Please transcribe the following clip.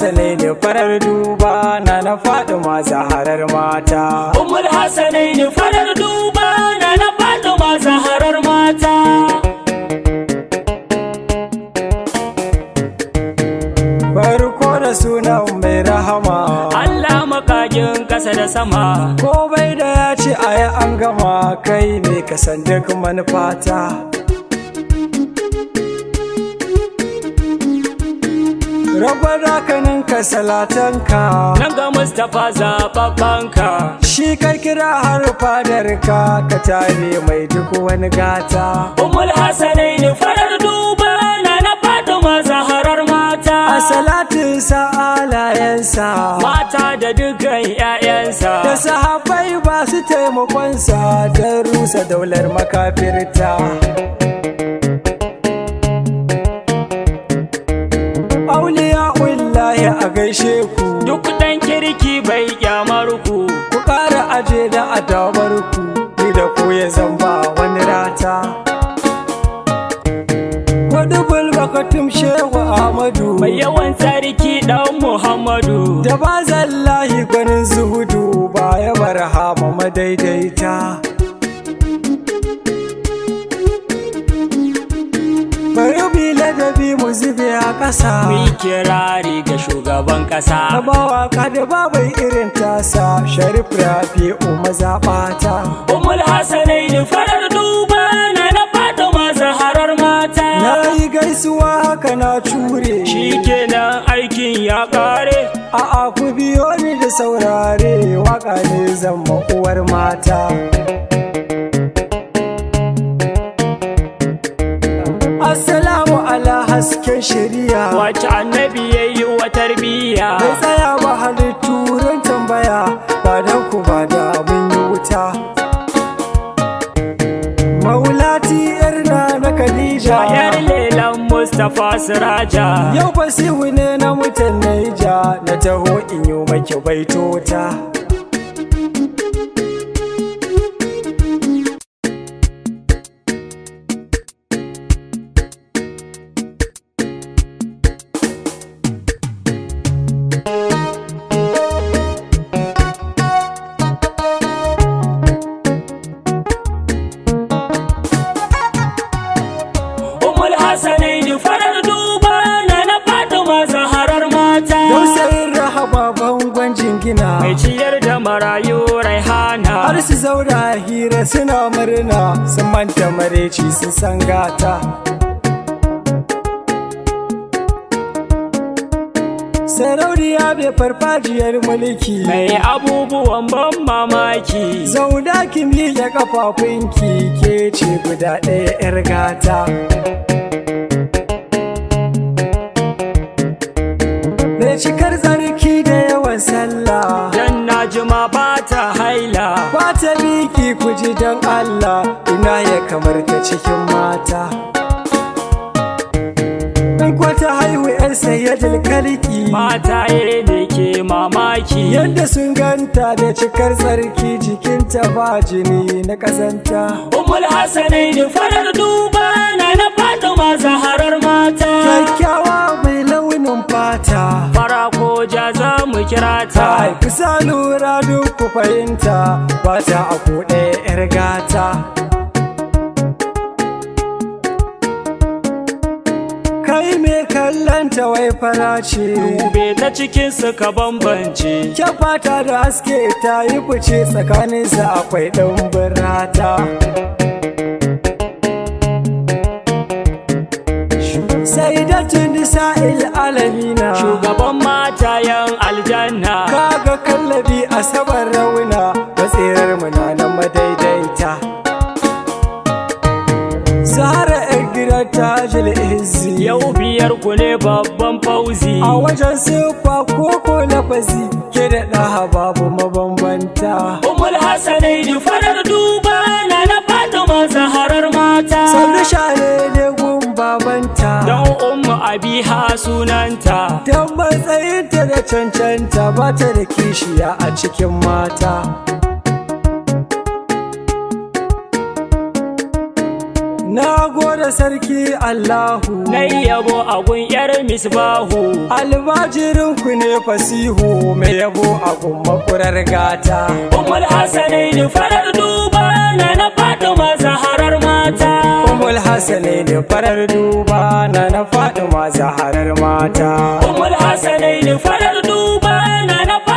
ne farar duba na na zaharar mata umul ne farar duba na na ma zaharar mata da suna mai rahama. Allah makajin ƙasa da sama. Ko bai da ya ce a an gama kai ne kasan duk manufata. Rabba da ka salatan salatanka. Nan ga Mustapha ka. Shi ka kira har fadarka ka tare mai duk wani gata. Umul Hassanai ne farar duba na na Fatima zaharar mata. A salatinsa alayensa. Mata da dukkan 'ya'yansa. Da sahabbai ba su taimakonsa don rusa daular makafirta. a gaishe ku duk dan kirki bai kyamar ku ku ƙara aje da adawar ku ni da ku ya zamba wani rata wani ka tumshe wa Ahmadu mai yawan sarki dan Muhammadu da ba zallahi gwanin zuhudu ba ya hama madaidaita bari bi ladabi mu zube a ƙasa mu kirari gaban ƙasa. Babawa kada babai irin tasa, Sharif Rafi Umar zaɓata. Umar Hassanai da farar duba na na fata masu harar mata. Na yi gaisuwa haka na ture. Shi kenan aikin ya ƙare. A'a ku biyo ni da saurare, waka ne zan uwar mata. Assalamu ala hasken shari'a. Wace annabi tarayya mai tsaya ba halittu ran tambaya ba don ku ba da mun yi wuta maulati yar na na khadija yar lelan mustapha siraja yau fasihu ne na mutan naija na taho in yi maki baitota sakina mai ciyar da marayu raihana har su zaura hira suna murna sun manta mareci sun san gata Sarauniya bai farfajiyar mulki Mai abubuwan ban mamaki Zauna ki miƙe ƙafafunki ke ce guda ɗaya 'yar gata mai cikar zarki miji don Allah ina ya kamar ta cikin mata in kwata haihu yar sayyadin kalki mataye ne ke mamaki yadda sun ganta da cikar tsarki jikinta ba jini na kazanta Umar hasanai ne farar duba na na ma zaharar mata kyakkyawa mai mun fata fara ko ja za mu kira ta ku sa lura duk ku fahimta ba ta a kuɗe 'yar gata kai mai kallanta wai fara ce dube ta cikin suka bambance ke fata da haske ta yi fice tsakaninsa akwai ɗan birata sa'il alamina shugaban mata, 'yan aljanna kaga kallabi asabar rauna basirar mu na madaidaita zahara yar gida ta jil izzi yau biyar ku ne babban fauzi a wajen ko koko lafazi ke da ɗaha babu mabambanta umul hasanai farar duba na na fatima zaharar mata abiha sunanta don matsayinta da cancanta ba ta da kishiya a cikin mata Na gode sarki Allahu Na yabo a gun yar misbahu Almajirin ku ne fasihu mai yabo a gun makurar gata Ummul Hasanai ni farar duba na na ma zaharar mata umul hasanai ne farar duba na na faɗi ma zaharar mata umul hasanai ne farar duba na na